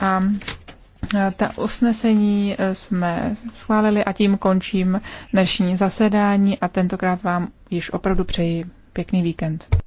a ta usnesení e, jsme schválili a tím končím dnešní zasedání a tentokrát vám již opravdu přeji pěkný víkend.